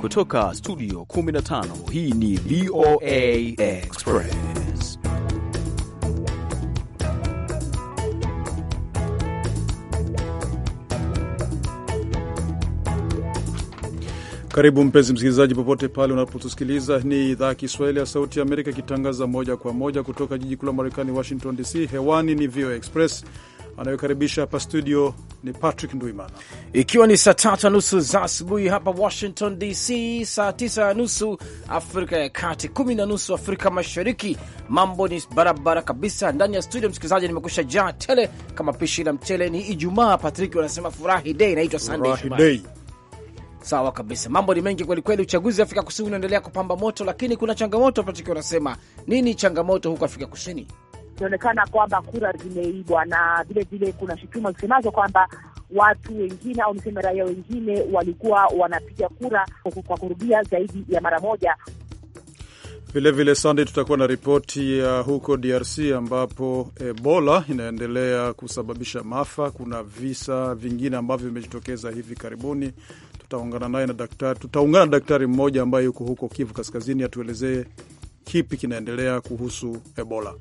Kutoka studio 15 hii ni VOA Express. Karibu mpenzi msikilizaji, popote pale unapotusikiliza. Ni idhaa ya Kiswahili ya Sauti ya Amerika ikitangaza moja kwa moja kutoka jiji kuu la Marekani, Washington DC. Hewani ni VOA Express anayokaribisha hapa studio ni Patrick Ndwimana, ikiwa ni saa tatu na nusu za asubuhi hapa Washington DC, saa tisa na nusu Afrika ya Kati, kumi na nusu Afrika Mashariki. Mambo ni barabara kabisa ndani ya studio, msikilizaji, nimekusha jaa tele kama pishi la mchele. Ni Ijumaa, Patrick wanasema furahi dei, inaitwa Sunday. Sawa kabisa, mambo ni mengi kwelikweli. Uchaguzi Afrika Kusini unaendelea kupamba moto, lakini kuna changamoto. Patrick wanasema nini changamoto huko Afrika Kusini? inaonekana kwamba kura zimeibwa, na vilevile kuna shutuma zisemazo kwamba watu wengine au niseme raia wengine walikuwa wanapiga kura kwa kurudia zaidi ya mara moja. Vilevile Sunday, tutakuwa na ripoti ya huko DRC ambapo Ebola inaendelea kusababisha maafa. Kuna visa vingine ambavyo vimejitokeza hivi karibuni. Tutaungana naye na daktari, tutaungana na daktari mmoja ambaye yuko huko Kivu Kaskazini, atuelezee kipi kinaendelea kuhusu Ebola.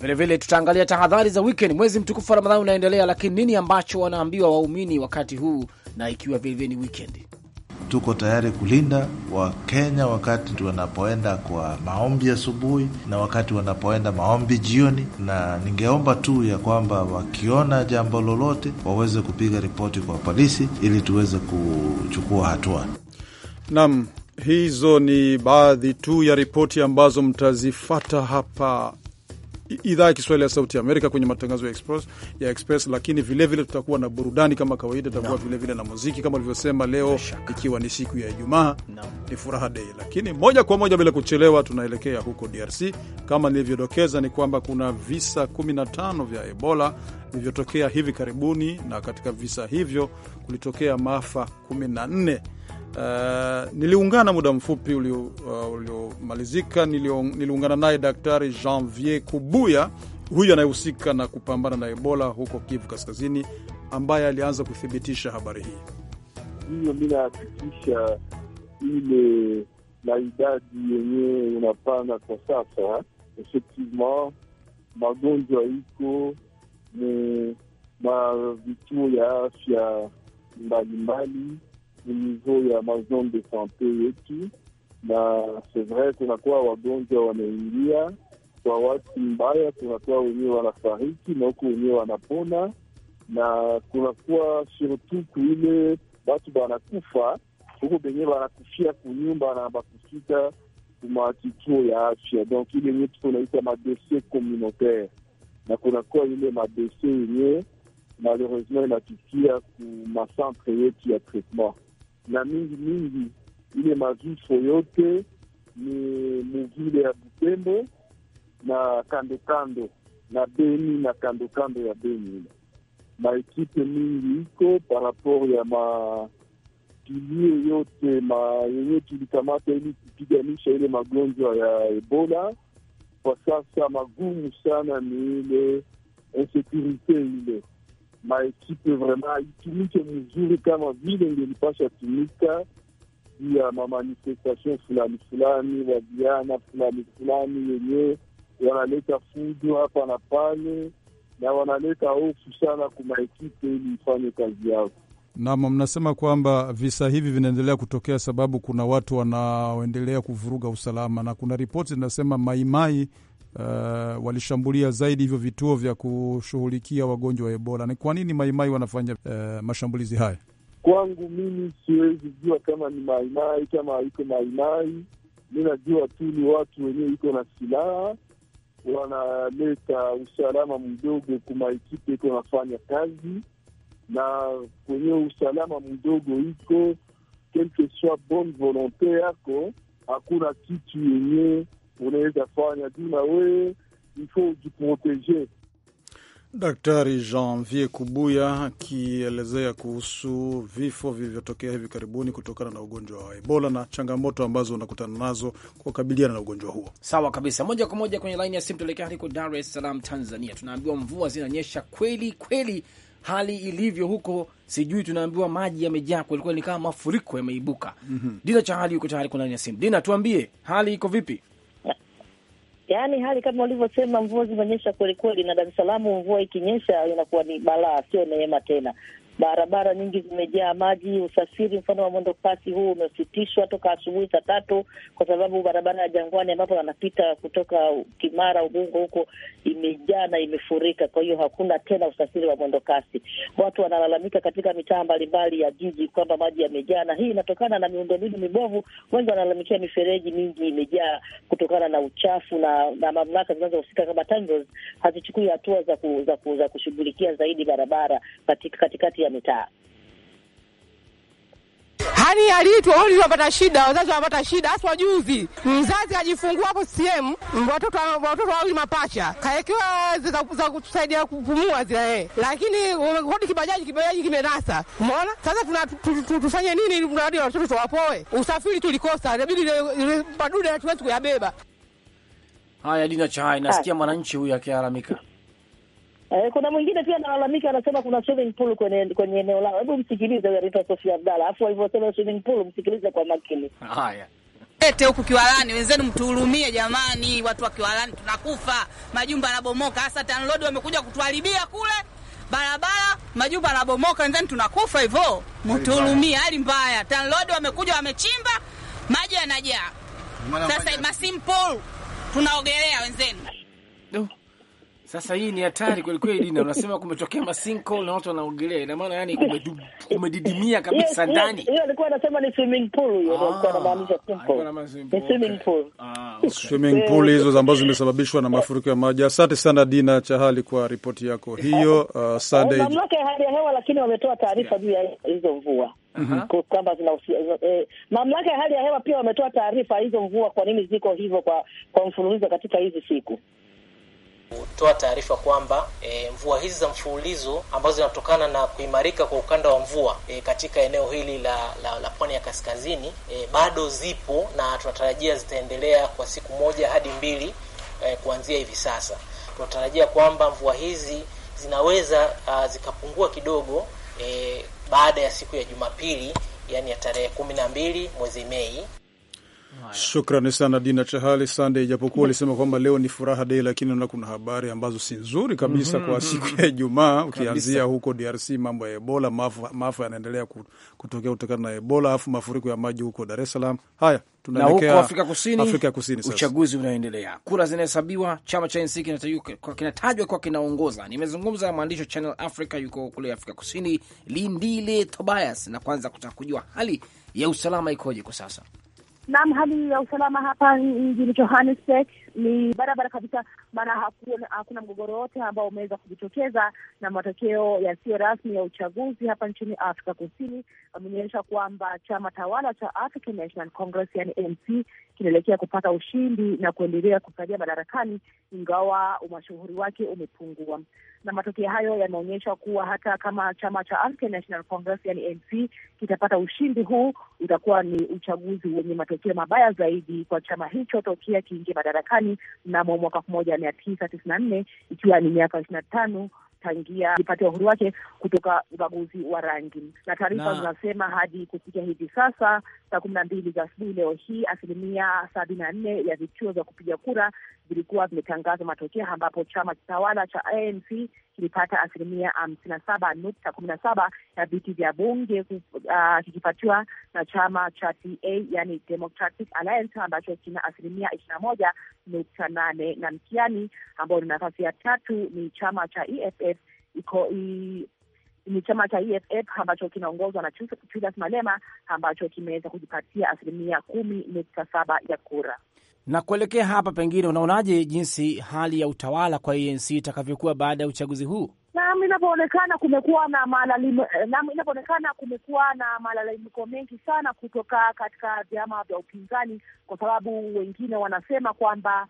Vilevile tutaangalia tahadhari za weekend. Mwezi mtukufu wa Ramadhani unaendelea, lakini nini ambacho wanaambiwa waumini wakati huu na ikiwa vilevile ni wikendi? Tuko tayari kulinda Wakenya wakati wanapoenda kwa maombi asubuhi na wakati wanapoenda maombi jioni, na ningeomba tu ya kwamba wakiona jambo lolote waweze kupiga ripoti kwa polisi ili tuweze kuchukua hatua. Naam, hizo ni baadhi tu ya ripoti ambazo mtazifata hapa idhaa ya Kiswahili ya Sauti ya Amerika kwenye matangazo ya Express, ya Express. Lakini vilevile tutakuwa na burudani kama kawaida, tutakuwa vilevile na muziki kama ulivyosema. Leo ikiwa ni siku ya Ijumaa, ni furaha dei, lakini moja kwa moja bila kuchelewa tunaelekea huko DRC. Kama nilivyodokeza, ni kwamba kuna visa 15 vya Ebola vilivyotokea hivi karibuni, na katika visa hivyo kulitokea maafa 14 Uh, niliungana muda mfupi eh, uliomalizika uh, niliungana naye Daktari Janvier Kubuya, huyu anayehusika na kupambana na Ebola huko Kivu Kaskazini, ambaye alianza kuthibitisha habari hii. Hiyo mi nahakikisha ile na idadi yenyewe unapana kwa sasa, effectivement magonjwa iko ni mavituo ya afya mbalimbali mizo ya mazone de sante yetu, na c'est vrai kunakuwa wagonjwa wanaingia kwa watu mbaya, kunakuwa wenyewe wanafariki na huku wenyewe wanapona, na kunakuwa surtout kuile watu banakufa huko benye banakufia kunyumba na bakufika kumakituo ya afya, donc ile yenyewe tuko naita madosie communautaire, na kunakuwa ile madosie yenyewe malheureusement inatukia ku macentre yetu ya traitement na mingi mingi, ile mazuso yote ni muvile ya Butembo na kando kando na Beni na kando kando ya Beni ile maekipe mingi iko parapor ya mapilie yote ma yenye tulikamata ili kupiganisha ile magonjwa ya Ebola. Kwa sasa magumu sana ni ile insekurite ile maekipe vraiment itumike mzuri kama vile ngelipasha tumika juu ya mamanifestation fulani fulani wa fulani fulani wenye wanaleta fujo hapa na pale na wanaleta hofu sana kumaekipe ili ifanye kazi yao. Naam, mnasema kwamba visa hivi vinaendelea kutokea sababu kuna watu wanaoendelea kuvuruga usalama, na kuna ripoti zinasema maimai uh, walishambulia zaidi hivyo vituo vya kushughulikia wagonjwa wa Ebola. Ni kwa nini Maimai wanafanya uh, mashambulizi haya? Kwangu mimi siwezi jua kama ni Maimai kama iko Maimai, mi najua tu ni watu wenyewe iko na silaha wanaleta usalama mdogo kumaikipe iko nafanya kazi na kwenye usalama mdogo iko quelque soit bonne volonté yako, hakuna kitu yenyewe unaweza fanya juu na wewe ifo ujiproteje. Daktari Janvier Kubuya akielezea kuhusu vifo vilivyotokea hivi karibuni kutokana na ugonjwa wa Ebola na changamoto ambazo unakutana nazo kukabiliana na ugonjwa huo. Sawa kabisa, moja kwa moja kwenye laini ya simu tuelekea huko Dar es Salaam, Tanzania. Tunaambiwa mvua zinanyesha kweli kweli, hali ilivyo huko sijui, tunaambiwa maji yamejaa kwelikweli, ni kama mafuriko yameibuka. mm -hmm. Dina cha hali yuko tayari kwa laini ya simu. Dina, tuambie hali iko vipi? Yaani hali kama ulivyosema, mvua zimenyesha kwelikweli na Dar es Salaam mvua ikinyesha inakuwa ni balaa, sio neema tena barabara nyingi zimejaa maji. Usafiri mfano wa mwendo kasi huu umesitishwa toka asubuhi saa tatu kwa sababu barabara ya Jangwani ambapo wanapita kutoka Kimara Ubungo huko imejaa na imefurika, kwa hiyo hakuna tena usafiri wa mwendo kasi. Watu wanalalamika katika mitaa mbalimbali ya jiji kwamba maji yamejaa, na hii inatokana na miundombinu mibovu. Wengi wanalalamikia mifereji mingi imejaa kutokana na uchafu, na, na mamlaka zinazohusika kama TANROADS hazichukui hatua za, ku, za, ku, za kushughulikia zaidi barabara katikati katika ya mitaa. Hani aliitwa wao wapata shida, wazazi wanapata shida, hasa juzi mzazi ajifungua hapo CCM, watoto watoto wawili mapacha kaekewa za kutusaidia kupumua zile eh, lakini kodi kibajaji kibajaji kimenasa. Umeona sasa tuna tufanye nini ili tunarudi watoto wapoe? Usafiri tulikosa, inabidi maduda hatuwezi kuyabeba haya. Dina Chahai, nasikia mwananchi huyu akilalamika Eh, kuna mwingine pia analalamika, anasema kuna swimming pool kwenye kwenye eneo lao. Hebu msikilize, huyo anaitwa Sofia Abdalla, afu alivyosema swimming pool, msikilize kwa makini. Haya, ete huku Kiwalani, wenzenu mtuhurumie jamani, watu wa Kiwalani tunakufa, majumba yanabomoka, hasa TANROADS wamekuja kutuharibia kule barabara, majumba yanabomoka, wenzenu tunakufa hivyo, mtuhurumie, hali mbaya. TANROADS wamekuja wamechimba, maji yanajaa sasa, masimple tunaogelea wenzenu uh. Sasa hii ni hatari kweli kweli, na unasema kumetokea masinko na watu wanaogelea, ina maana yani kumedidimia kabisa ndani. Hiyo alikuwa anasema ni swimming pool, hiyo ah, alikuwa anamaanisha swimming pool, swimming pool ah, eh, hizo eh. ambazo zimesababishwa na mafuriko ya maji. Asante sana Dina Chahali kwa ripoti yako hiyo. Eh, uh, Sunday mamlaka ya hali ya hewa lakini wametoa taarifa juu ya hizo mvua uh-huh. kwamba zina mamlaka ya hali ya hewa pia wametoa taarifa hizo mvua, kwa nini ziko hivyo kwa kwa mfululizo katika hizi siku kutoa taarifa kwamba e, mvua hizi za mfululizo ambazo zinatokana na kuimarika kwa ukanda wa mvua e, katika eneo hili la, la, la pwani ya kaskazini e, bado zipo na tunatarajia zitaendelea kwa siku moja hadi mbili e, kuanzia hivi sasa. Tunatarajia kwamba mvua hizi zinaweza a, zikapungua kidogo e, baada ya siku ya Jumapili, yani ya tarehe kumi na mbili mwezi Mei. Shukrani sana Dina Chahali Sande, ijapokuwa alisema kwamba leo ni furaha dei, lakini naona kuna habari ambazo si nzuri kabisa mm -hmm. kwa mhm. siku ya Ijumaa ukianzia huko DRC mambo ya Ebola, maafa yanaendelea kutokea kutokana na Ebola, alafu mafuriko ya maji huko Dar es Salaam. Haya, tunaelekea Afrika Kusini. Afrika Kusini uchaguzi unaendelea, kura zinahesabiwa, chama cha ANC kinatajwa kwa kinaongoza. Nimezungumza na mwandishi wa Channel Africa yuko kule Afrika Kusini, Lindile Tobias, na kwanza kutaka kujua hali ya usalama ikoje kwa sasa. Naam, hali ya usalama hapa mjini Johannesburg ni barabara kabisa, maana hakuna, mgogoro wote ambao umeweza kujitokeza, na matokeo yasiyo rasmi ya uchaguzi hapa nchini Afrika Kusini ameonyesha kwamba chama tawala cha African National Congress, yani ANC kinaelekea kupata ushindi na kuendelea kusalia madarakani, ingawa umashuhuri wake umepungua. Na matokeo hayo yanaonyesha kuwa hata kama chama cha African National Congress, yani ANC, kitapata ushindi huu, utakuwa ni uchaguzi wenye matokeo mabaya zaidi kwa chama hicho tokea kiingia madarakani mnamo mwaka elfu moja mia tisa tisini na nne ikiwa ni miaka ishirini na tano tangia ipate uhuru wake kutoka ubaguzi wa rangi, na taarifa zinasema hadi kufikia hivi sasa saa kumi na mbili za asubuhi leo hii asilimia sabini na nne ya vituo vya kupiga kura vilikuwa vimetangaza matokeo, ambapo chama tawala cha ANC kilipata asilimia hamsini na saba nukta kumi na saba ya viti vya bunge ah, kikipatiwa uh, na chama cha TA yani Democratic Alliance ambacho kina asilimia ishirini na moja nukta nane na mtiani ambao ni nafasi ya tatu ni chama cha EFF iko i, ni chama cha EFF ambacho kinaongozwa na Julius Malema ambacho kimeweza kujipatia asilimia kumi nukta saba ya kura. Na kuelekea hapa, pengine unaonaje jinsi hali ya utawala kwa ANC itakavyokuwa baada ya uchaguzi huu? Naam, inavyoonekana kumekuwa na malalim, naam, inavyoonekana kumekuwa na malalamiko mengi sana kutoka katika vyama vya upinzani, kwa sababu wengine wanasema kwamba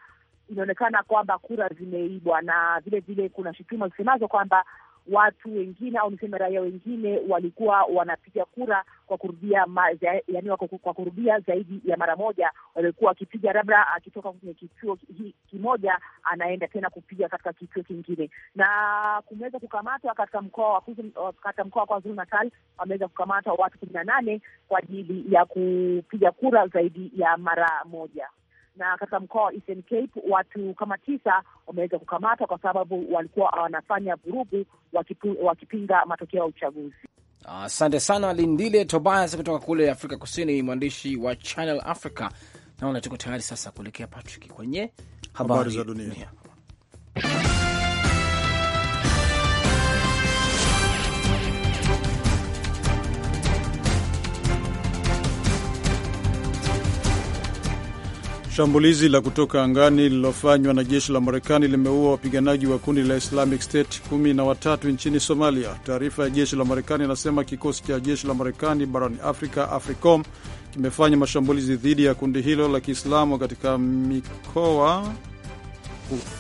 inaonekana kwamba kura zimeibwa, na vile vile kuna shutuma zisemazo kwamba watu wengine au niseme raia wengine walikuwa wanapiga kura kwa kurudia ma, za, yani wako, kwa kurudia zaidi ya mara moja. Walikuwa wakipiga labda akitoka kwenye kituo kimoja anaenda tena kupiga katika kituo kingine, na kumeweza kukamatwa katika mkoa uh, katika mkoa wa KwaZulu Natal wameweza kukamatwa watu kumi na nane kwa ajili ya kupiga kura zaidi ya mara moja na katika mkoa wa Eastern Cape watu kama tisa wameweza kukamatwa kwa sababu walikuwa wanafanya vurugu wakipinga matokeo ya uchaguzi. Asante ah, sana Lindile Tobias kutoka kule Afrika Kusini, mwandishi wa Channel Africa. Naona tuko tayari sasa kuelekea Patrick kwenye habari za dunia. Shambulizi la kutoka angani lililofanywa na jeshi la Marekani limeua wapiganaji wa kundi la Islamic State kumi na watatu nchini Somalia. Taarifa ya jeshi la Marekani inasema kikosi cha jeshi la Marekani barani Afrika, AFRICOM, kimefanya mashambulizi dhidi ya kundi hilo la Kiislamu katika mikoa,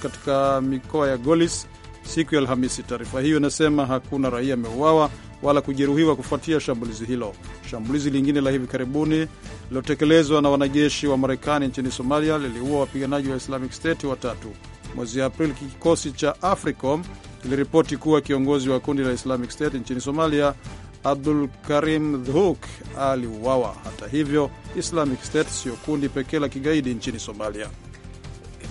katika mikoa ya Golis siku ya Alhamisi. Taarifa hiyo inasema hakuna raia ameuawa wala kujeruhiwa kufuatia shambulizi hilo. Shambulizi lingine la hivi karibuni lilotekelezwa na wanajeshi wa Marekani nchini Somalia liliua wapiganaji wa Islamic State watatu. Mwezi Aprili, kikosi cha AFRICOM kiliripoti kuwa kiongozi wa kundi la Islamic State nchini Somalia Abdul Karim Dhuk aliuawa. Hata hivyo, Islamic State siyo kundi pekee la kigaidi nchini Somalia.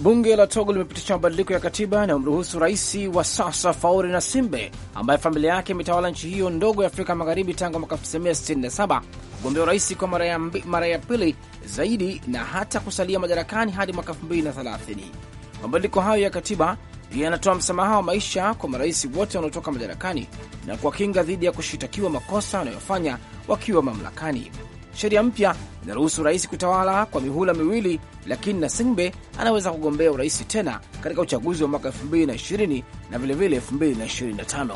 Bunge la Togo limepitisha mabadiliko ya katiba yanayomruhusu rais wa sasa Faure Nasimbe, ambaye familia yake imetawala nchi hiyo ndogo ya Afrika Magharibi tangu mwaka 1967 kugombea urais kwa mara ya, mara ya pili zaidi na hata kusalia madarakani hadi mwaka 2030. Mabadiliko hayo ya katiba pia yanatoa msamaha wa maisha kwa marais wote wanaotoka madarakani na kuwakinga dhidi ya kushitakiwa makosa wanayofanya wakiwa mamlakani. Sheria mpya inaruhusu rais kutawala kwa mihula miwili, lakini Nasingbe anaweza kugombea urais tena katika uchaguzi wa mwaka 2020 na vilevile 2025.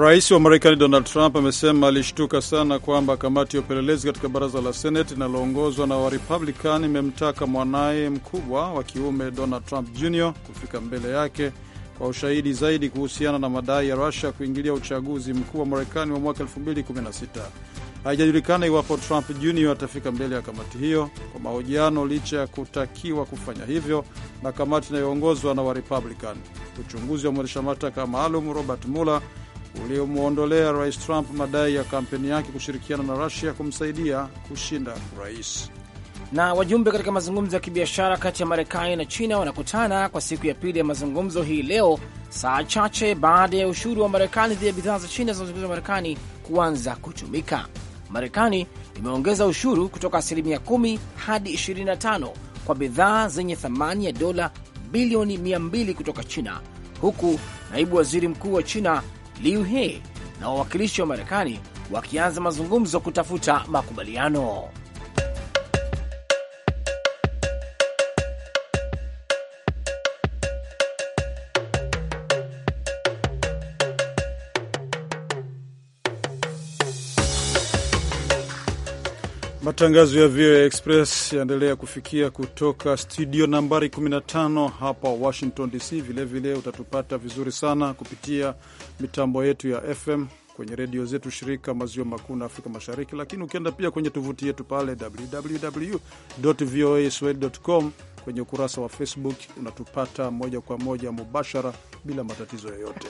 Rais wa Marekani Donald Trump amesema alishtuka sana kwamba kamati ya upelelezi katika baraza la Senate linaloongozwa na Warepublican imemtaka mwanaye mkubwa wa kiume Donald Trump Jr kufika mbele yake kwa ushahidi zaidi kuhusiana na madai ya Rusia kuingilia uchaguzi mkuu wa Marekani wa mwaka 2016. Haijajulikana iwapo Trump Jr atafika mbele ya kamati hiyo kwa mahojiano licha ya kutakiwa kufanya hivyo na kamati inayoongozwa na Warepublican. Uchunguzi wa mwendesha mashtaka maalum Robert Mueller uliomwondolea rais Trump madai ya kampeni yake kushirikiana na Rusia kumsaidia kushinda urais. Na wajumbe katika mazungumzo ya kibiashara kati ya Marekani na China wanakutana kwa siku ya pili ya mazungumzo hii leo, saa chache baada ya ushuru wa Marekani dhidi ya bidhaa za China zinazoingizwa Marekani kuanza kutumika. Marekani imeongeza ushuru kutoka asilimia 10 hadi 25 kwa bidhaa zenye thamani ya dola bilioni 200 kutoka China, huku naibu waziri mkuu wa China Liu He na wawakilishi wa Marekani wakianza mazungumzo kutafuta makubaliano. Matangazo ya VOA Express yaendelea kufikia kutoka studio nambari 15 hapa Washington DC. Vilevile vile utatupata vizuri sana kupitia mitambo yetu ya FM kwenye redio zetu shirika maziwa makuu na Afrika Mashariki, lakini ukienda pia kwenye tovuti yetu pale www voa swahili kwenye ukurasa wa Facebook unatupata moja kwa moja mubashara bila matatizo yoyote.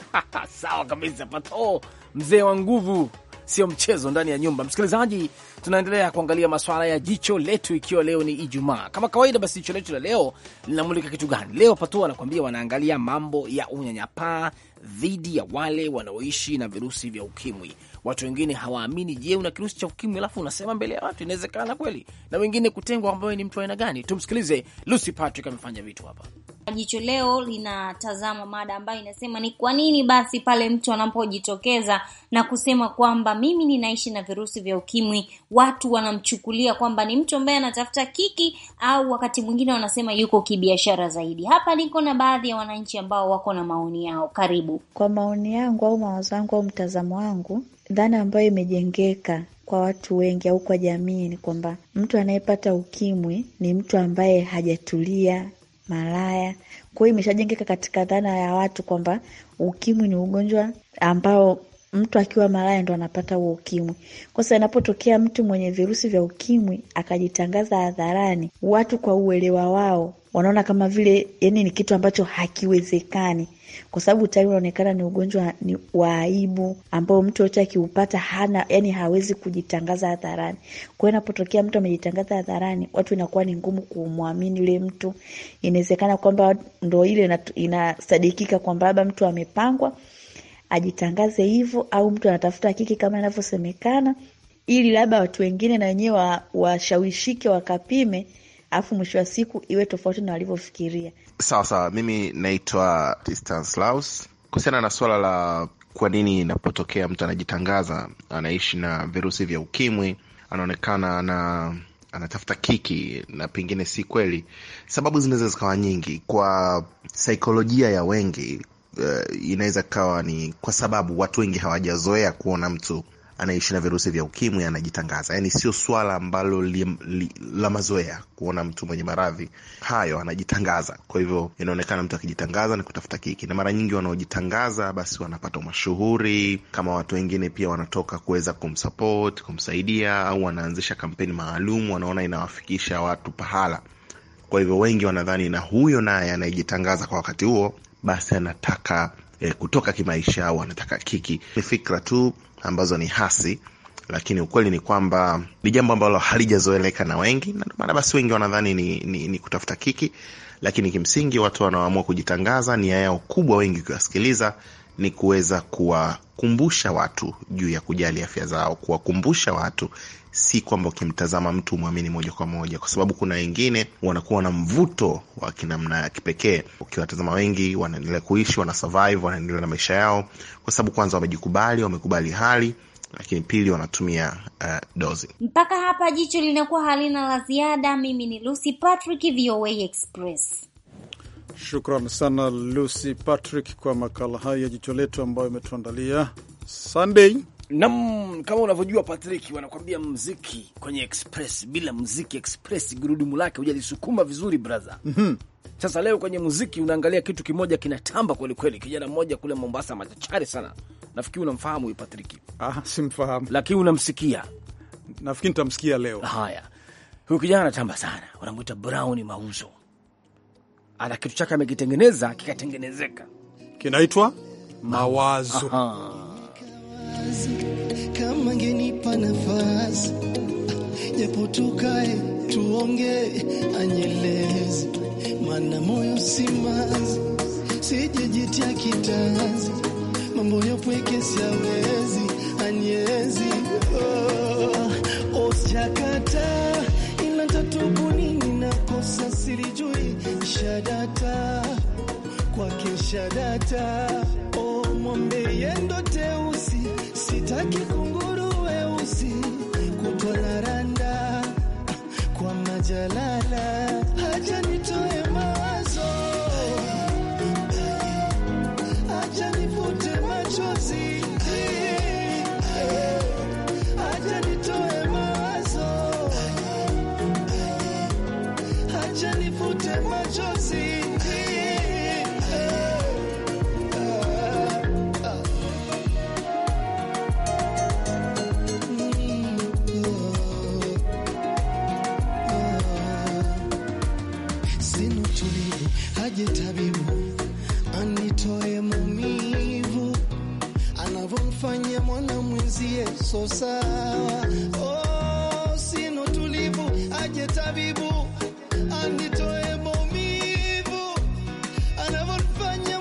Sawa kabisa, Pato mzee wa nguvu sio mchezo ndani ya nyumba. Msikilizaji, tunaendelea kuangalia maswala ya jicho letu, ikiwa leo ni Ijumaa kama kawaida. Basi jicho letu la leo linamulika kitu gani leo? Patua anakuambia wanaangalia mambo ya unyanyapaa dhidi ya wale wanaoishi na virusi vya ukimwi. Watu wengine hawaamini. Je, una kirusi cha ukimwi alafu unasema mbele ya watu? Inawezekana kweli? Na wengine kutengwa, ambayo ni mtu aina gani? Tumsikilize Lucy Patrick amefanya vitu hapa. Jicho leo linatazama mada ambayo inasema ni kwa nini basi pale mtu anapojitokeza na kusema kwamba mimi ninaishi na virusi vya ukimwi, watu wanamchukulia kwamba ni mtu ambaye anatafuta kiki, au wakati mwingine wanasema yuko kibiashara zaidi. Hapa niko na baadhi ya wananchi ambao wako na maoni yao. Karibu. Kwa maoni yangu au mawazo yangu au mtazamo wangu, dhana ambayo imejengeka kwa watu wengi au kwa jamii ni kwamba mtu anayepata ukimwi ni mtu ambaye hajatulia, malaya. Kwa hiyo imeshajengeka katika dhana ya watu kwamba ukimwi ni ugonjwa ambao mtu akiwa malaya ndo anapata huo ukimwi. Kwa sababu inapotokea mtu mwenye virusi vya ukimwi akajitangaza hadharani, watu kwa uelewa wao wanaona kama vile yani ni kitu ambacho hakiwezekani, kwa sababu tayari unaonekana ni ugonjwa ni wa aibu ambao mtu yote akiupata hana yani hawezi kujitangaza hadharani. Kwa hiyo inapotokea mtu amejitangaza hadharani, watu inakuwa ni ngumu kumwamini yule mtu. Inawezekana kwamba ndo ile inasadikika kwamba labda mtu amepangwa ajitangaze hivyo, au mtu anatafuta kiki kama inavyosemekana, ili labda watu wengine na wenyewe washawishike wa wakapime, alafu mwisho wa siku iwe tofauti na walivyofikiria. Sawa sawa, mimi naitwa Laus. Kuhusiana na swala la kwa nini inapotokea mtu anajitangaza anaishi na virusi vya ukimwi, anaonekana ana anatafuta kiki na pengine si kweli. Sababu zinaweza zikawa nyingi. Kwa saikolojia ya wengi, uh, inaweza kawa ni kwa sababu watu wengi hawajazoea kuona mtu anaishi na virusi vya ukimwi anajitangaza. Yaani sio swala ambalo li, li, la mazoea kuona mtu mwenye maradhi hayo anajitangaza. Kwa hivyo inaonekana mtu akijitangaza ni kutafuta kiki, na mara nyingi wanaojitangaza basi wanapata mashuhuri kama watu wengine, pia wanatoka kuweza kumsupport, kumsaidia, au wanaanzisha kampeni maalum wanaona inawafikisha watu pahala. Kwa hivyo wengi wanadhani na huyo naye anayejitangaza kwa wakati huo basi anataka e, kutoka kimaisha au anataka kiki. Ni fikra tu ambazo ni hasi, lakini ukweli ni kwamba ni jambo ambalo halijazoeleka na wengi, na ndio maana basi wengi wanadhani ni, ni, ni kutafuta kiki, lakini kimsingi watu wanaoamua kujitangaza, nia yao kubwa, wengi ukiwasikiliza ni kuweza kuwakumbusha watu juu ya kujali afya zao, kuwakumbusha watu si kwamba ukimtazama mtu umwamini moja kwa moja, kwa sababu kuna wengine wanakuwa na mvuto wa kinamna ya kipekee. Ukiwatazama wengi wanaendelea kuishi, wana survive, wanaendelea na maisha yao, kwa sababu kwanza wamejikubali, wamekubali hali lakini pili wanatumia uh, dozi. Mpaka hapa jicho linakuwa halina la ziada. Mimi ni Lucy Patrick, VOA Express. Shukran sana Lucy Patrick kwa makala haya ya jicho letu ambayo imetuandalia Sunday. Nam, kama unavyojua Patrick, wanakwambia mziki kwenye Express, bila mziki Express gurudumu lake hujalisukuma vizuri brother. mm -hmm. Sasa leo kwenye muziki unaangalia kitu kimoja kinatamba kwelikweli. Kijana mmoja kule Mombasa machachari sana, nafikiri unamfahamu huyu Patrick. Ah, simfahamu, lakini unamsikia, nafikiri nitamsikia leo. Haya, huyu kijana anatamba sana, wanamwita Brown Mauzo. Ana kitu chake amekitengeneza, kikatengenezeka, kinaitwa Mawazo. Aha kazi kama ngenipa nafasi, japo tukae tuongee, anyeleze maana moyo simazi, sijejitia kitazi, mambo ya pweke siawezi, anyezi oh, oschakata ila tatubuni ninakosa silijui shadata kwake shadata oh, mwambe yendo teusi Sitaki kunguru weusi kutola randa kwa majalala, haja nitoe mawazo, haja nifute machozi, machozi tabibu anitoe maumivu anavyomfanya mwana mwenzie, so sawa. Oh, tulivu, aje tabibu anitoe maumivu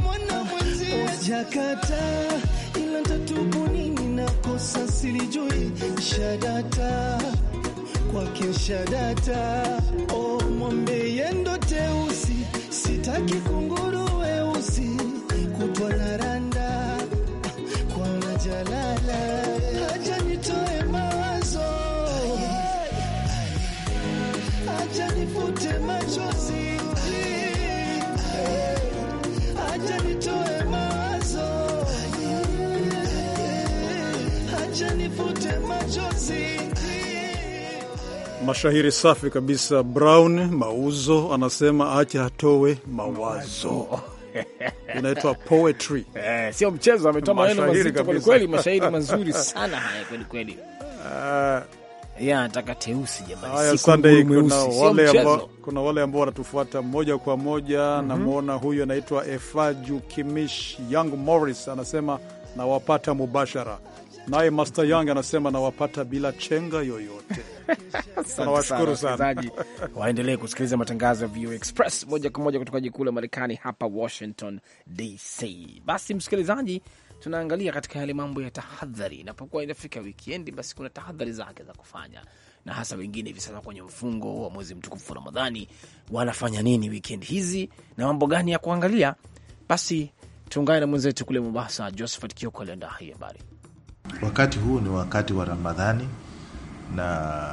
mwana mwenzie. ila tatubu nini na silijui shadata kwake shadata, oh, mwambe yendo teusi sitaki kunguru weusi kutola mashahiri safi kabisa. Brown Mauzo anasema acha atowe mawazo inaitwa poetry eh, sio mchezo. Ametoa maneno mazuri kweli kweli, mashairi mazuri sana haya kweli kweli. Uh, ya nataka teusi jamani, siku Sunday. Kuna wale ambao kuna wale ambao wanatufuata moja kwa moja mm -hmm. Namwona huyu anaitwa Efaju Kimish Young Morris anasema nawapata mubashara Naye Master Young anasema nawapata bila chenga yoyote. Nawashukuru sana waendelee kusikiliza matangazo ya VOA Express moja kwa moja kutoka jikuu la Marekani hapa Washington DC. Basi msikilizaji, tunaangalia katika yale mambo ya tahadhari. Inapokuwa inafika wikendi, basi kuna tahadhari zake za kufanya, na hasa wengine hivi sasa kwenye mfungo wa mwezi mtukufu Ramadhani, wanafanya nini wikendi hizi na mambo gani ya kuangalia? Basi tuungane na mwenzetu kule Mombasa, Josephat Kioko aliandaa hii habari. Wakati huu ni wakati wa Ramadhani, na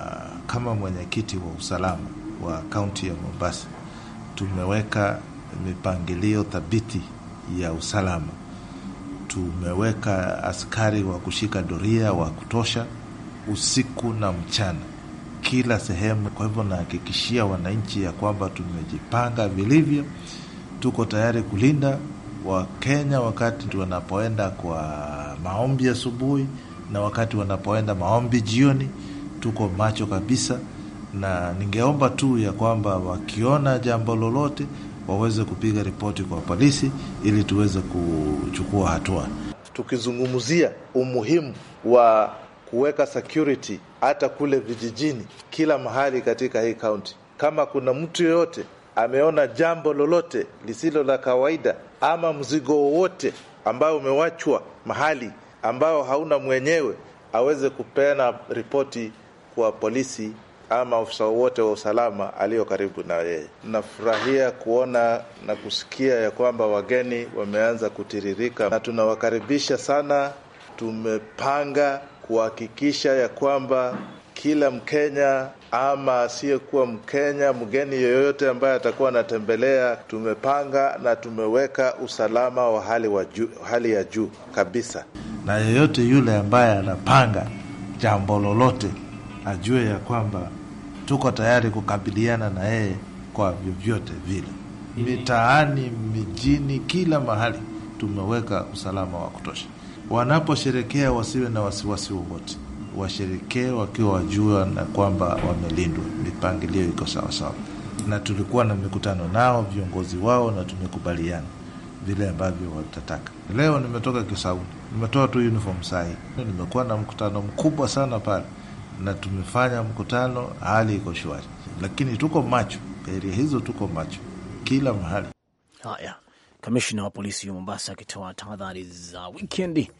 kama mwenyekiti wa usalama wa kaunti ya Mombasa tumeweka mipangilio thabiti ya usalama. Tumeweka askari wa kushika doria wa kutosha usiku na mchana, kila sehemu. Kwa hivyo nahakikishia wananchi ya kwamba tumejipanga vilivyo, tuko tayari kulinda Wakenya wakati wanapoenda kwa maombi asubuhi na wakati wanapoenda maombi jioni, tuko macho kabisa, na ningeomba tu ya kwamba wakiona jambo lolote waweze kupiga ripoti kwa polisi ili tuweze kuchukua hatua. Tukizungumzia umuhimu wa kuweka security hata kule vijijini, kila mahali katika hii kaunti, kama kuna mtu yoyote ameona jambo lolote lisilo la kawaida ama mzigo wowote ambao umewachwa mahali ambao hauna mwenyewe, aweze kupeana ripoti kwa polisi ama ofisa wowote wa usalama aliyo karibu na yeye. Nafurahia kuona na kusikia ya kwamba wageni wameanza kutiririka na tunawakaribisha sana. Tumepanga kuhakikisha ya kwamba kila Mkenya ama asiyekuwa Mkenya, mgeni yoyote ambaye atakuwa anatembelea, tumepanga na tumeweka usalama wa hali, wa juu, hali ya juu kabisa, na yeyote yule ambaye anapanga jambo lolote ajue ya kwamba tuko tayari kukabiliana na yeye kwa vyovyote vile, mitaani, mijini, kila mahali tumeweka usalama wa kutosha. Wanaposherekea wasiwe na wasiwasi wowote washerekee wakiwa wajua na kwamba wamelindwa, mipangilio iko sawasawa, na tulikuwa na mikutano nao viongozi wao na tumekubaliana vile ambavyo watataka. Leo nimetoka Kisauni, nimetoa tu uniform sahi, nimekuwa na mkutano mkubwa sana pale na tumefanya mkutano, hali iko shwari, lakini tuko macho eria hizo, tuko macho kila mahali. Haya, kamishna wa polisi ya Mombasa akitoa tahadhari za wikendi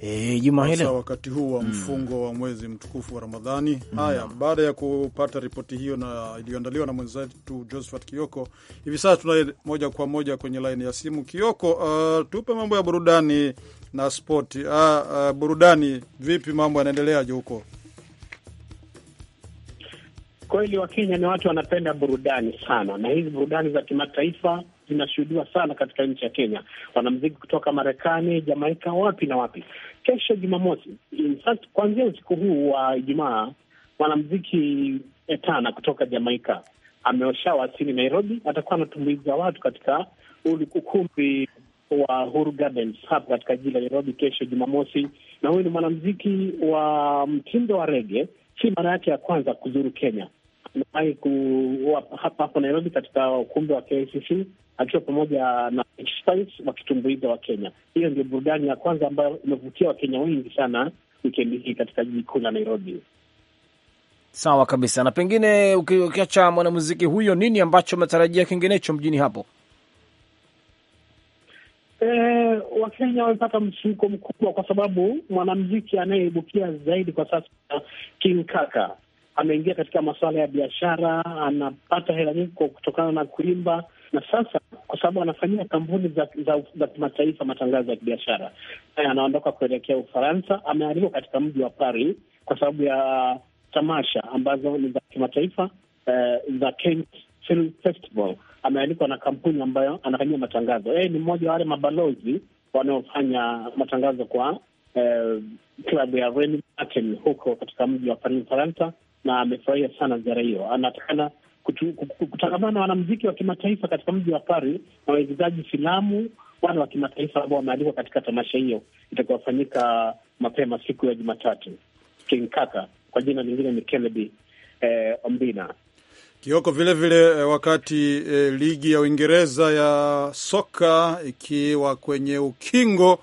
E, juma hili wakati huu wa hmm. mfungo mm. wa mwezi mtukufu wa Ramadhani. mm. Haya, baada ya kupata ripoti hiyo na iliyoandaliwa na mwenzetu Josephat Kioko, hivi sasa tunaye moja kwa moja kwenye laini ya simu. Kioko, uh, tupe mambo ya burudani na spoti. Uh, uh, burudani vipi, mambo yanaendeleaje huko? Kweli Wakenya ni watu wanapenda burudani sana, na hizi burudani za kimataifa zinashuhudiwa sana katika nchi ya Kenya, wanamziki kutoka Marekani, Jamaika, wapi na wapi. Kesho Jumamosi, in fact kuanzia usiku huu wa uh, Ijumaa, mwanamziki Etana kutoka Jamaika ameosha wasili Nairobi, atakuwa anatumbuiza watu katika ukumbi wa Uhuru Gardens hapa katika jiji la Nairobi kesho Jumamosi. Na huyu ni mwanamziki wa mtindo wa rege, si mara yake ya kwanza kuzuru Kenya amewahi kuwa hapa Nairobi katika ukumbi wa KCC akiwa pamoja na wakitumbuiza wakitumbuiza Wakenya. Hiyo ndio burudani ya kwanza ambayo imevutia Wakenya wengi sana wikendi hii katika jiji kuu la Nairobi. Sawa kabisa. Na pengine ukiacha mwanamuziki huyo, nini ambacho unatarajia kinginecho mjini hapo? Eh, Wakenya wamepata msuko mkubwa kwa sababu mwanamuziki anayeibukia zaidi kwa sasa King Kaka ameingia katika masuala ya biashara, anapata hela nyingi kutokana na kuimba, na sasa kwa sababu anafanyia kampuni za za, za kimataifa matangazo ya kibiashara, naye anaondoka kuelekea Ufaransa. Amealikwa katika mji wa Paris kwa sababu ya tamasha ambazo ni za kimataifa eh, za Cannes Film Festival. Amealikwa na kampuni ambayo anafanyia matangazo. Yeye ni mmoja wa wale mabalozi wanaofanya matangazo kwa eh, klabu ya Remy Martin huko katika mji wa Paris, Ufaransa na amefurahia sana ziara hiyo. Anatakana kutangamana na wanamziki wa kimataifa katika mji wa Paris na waigizaji filamu wale wa kimataifa ambao wamealikwa katika tamasha hiyo itakaofanyika mapema siku ya Jumatatu. King Kaka kwa jina lingine ni Kennedy eh, Ombina Kioko. Vile vile eh, wakati eh, ligi ya Uingereza ya soka ikiwa kwenye ukingo,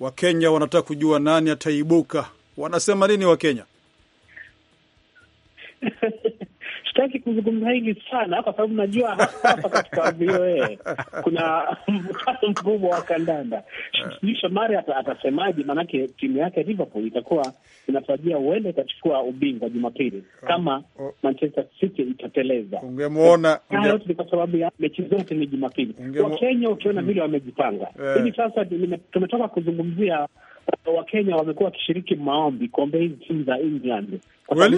Wakenya wanataka kujua nani ataibuka. Wanasema nini Wakenya? Sitaki kuzungumza hili sana kwa sababu najua hapa katika VOA kuna mkutano mkubwa wa kandanda. Sijui Shomari atasemaje, maanake timu yake Liverpool itakuwa inatarajia huenda itachukua ubingwa Jumapili kama Manchester City itateleza. Ungemwona ah, yote ni kwa sababu ya mechi zote ni Jumapili. Wakenya ukiona vile mm. wamejipanga eh. hivi sasa, tumetoka kuzungumzia Wakenya wamekuwa wakishiriki maombi kuombea hizi timu za England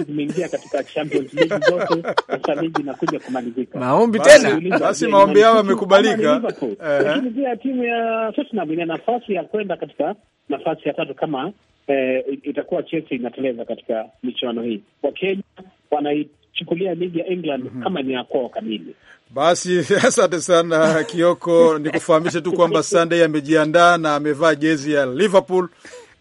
zimeingia katika Champions League zote. Sasa ligi inakuja kumalizika maombi tena, basi maombi yao yamekubalika. Lakini pia timu ya Tottenham ina nafasi ya kwenda katika nafasi ya tatu kama eh, itakuwa Chelsea inateleza katika michuano hii. Wakenya wanai kuchukulia ligi ya England mm -hmm. kama ni ya kwao kamili. Basi asante sana Kioko, nikufahamishe tu kwamba Sunday amejiandaa na amevaa jezi ya Liverpool.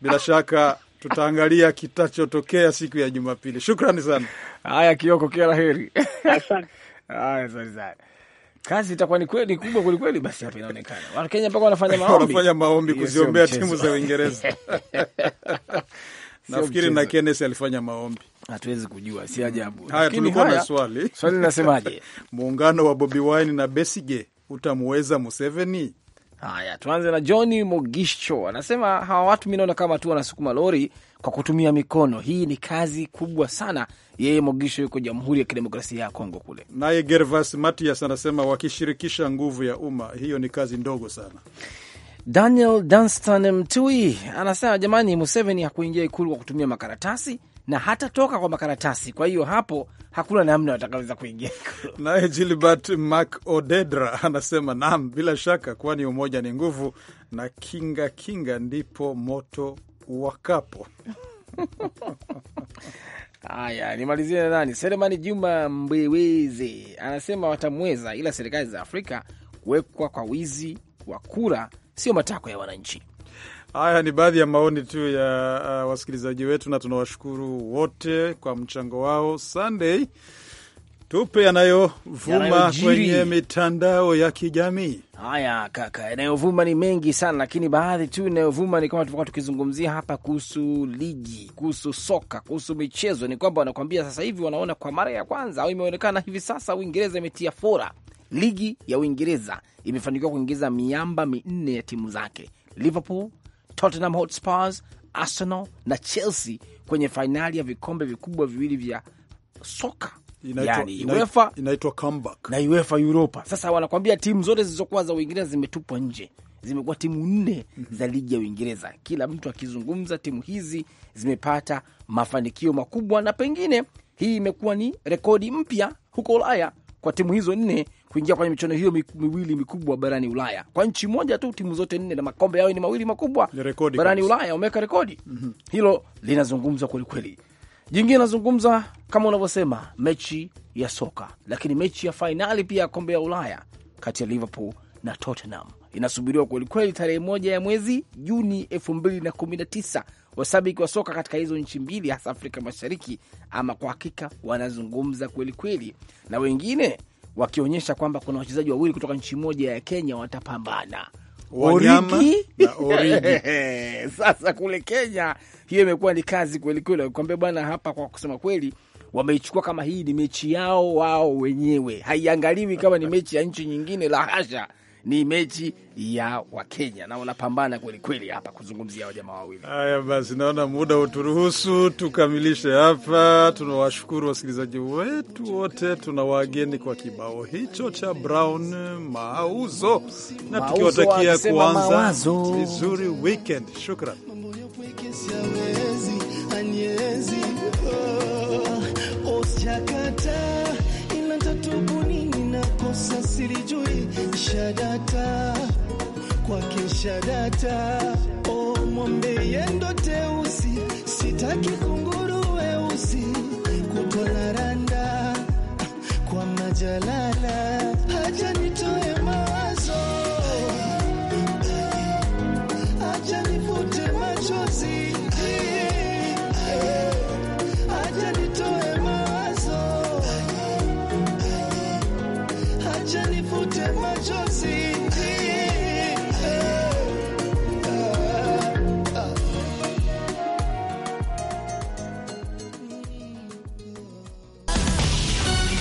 Bila shaka tutaangalia kitachotokea siku ya Jumapili. Shukrani sana. Haya Kioko, kila heri. Asante. kazi itakuwa ni kweli kubwa kwelikweli. Basi hapa inaonekana Wakenya mpaka wanafanya maombi, wanafanya maombi kuziombea timu za Uingereza. Nafikiri na Kenes alifanya maombi hatuwezi kujua, si ajabu. Haya, tulikuwa na swali swali linasemaje? muungano wa Bobi Wine na Besige utamweza Museveni? Haya, tuanze na Johni Mogisho anasema hawa watu mi naona kama tu wanasukuma lori kwa kutumia mikono. Hii ni kazi kubwa sana. Yeye Mogisho yuko Jamhuri ya Kidemokrasia ya Kongo kule. Naye Gervas Matias anasema wakishirikisha nguvu ya umma, hiyo ni kazi ndogo sana. Daniel Danstan Mtui anasema jamani, Museveni hakuingia ikulu kwa kutumia makaratasi na hata toka kwa makaratasi. Kwa hiyo hapo hakuna namna watakaweza kuingia. Naye Gilbert Mac Odedra anasema nam, bila shaka, kwani umoja ni nguvu na kinga kinga ndipo moto wakapo. Haya, nimalizie na nani, Selemani Juma Mbewezi anasema watamweza, ila serikali za Afrika kuwekwa kwa wizi wa kura sio matakwa ya wananchi. Haya ni baadhi ya maoni tu ya uh, wasikilizaji wetu, na tunawashukuru wote kwa mchango wao. Sunday, tupe yanayovuma kwenye mitandao ya kijamii. Haya kaka, yanayovuma ni mengi sana, lakini baadhi tu inayovuma ni kama tulikuwa tukizungumzia hapa kuhusu ligi, kuhusu soka, kuhusu michezo, ni kwamba wanakuambia sasa hivi wanaona kwa mara ya kwanza au imeonekana hivi sasa Uingereza imetia fora. Ligi ya Uingereza imefanikiwa kuingiza miamba minne ya timu zake Liverpool Tottenham Hotspurs, Arsenal na Chelsea kwenye fainali ya vikombe vikubwa viwili vya soka inaitwa comeback na UEFA Europa. Sasa wanakwambia timu zote zilizokuwa za Uingereza zimetupwa nje, zimekuwa timu nne mhm. za ligi ya Uingereza, kila mtu akizungumza, timu hizi zimepata mafanikio makubwa, na pengine hii imekuwa ni rekodi mpya huko Ulaya kwa timu hizo nne kuingia kwenye michuano hiyo miwili mikubwa barani Ulaya. Kwa nchi moja tu timu zote nne na makombe yao ni mawili makubwa barani Ulaya, wameweka rekodi. mm -hmm. Hilo linazungumza kwelikweli. Jingine nazungumza kama unavyosema mechi ya soka, lakini mechi ya fainali pia ya kombe ya Ulaya kati ya Liverpool na Tottenham inasubiriwa kwelikweli tarehe moja ya mwezi Juni elfu mbili na kumi na tisa. Washabiki wa soka katika hizo nchi mbili hasa Afrika Mashariki, ama kwa hakika wanazungumza kwelikweli, na wengine wakionyesha kwamba kuna wachezaji wawili kutoka nchi moja ya Kenya watapambana Origi. Origi. Sasa kule Kenya hiyo imekuwa ni kazi kwelikweli, wakikwambia bwana, hapa kwa kusema kweli wameichukua kama hii ni mechi yao wao wenyewe, haiangaliwi kama ni mechi ya nchi nyingine, la hasha ni mechi ya Wakenya na wanapambana kwelikweli hapa kuzungumzia wajamaa wawili. Haya basi, naona muda uturuhusu tukamilishe hapa. Tunawashukuru wasikilizaji wetu wote, tuna wageni kwa kibao hicho cha Brown mauzo, na tukiwatakia kuanza vizuri weekend. Shukran. silijui shadata kwake shadata o mwombe yendo teusi sitaki kunguru weusi kutola randa kwa majalala hajanitoa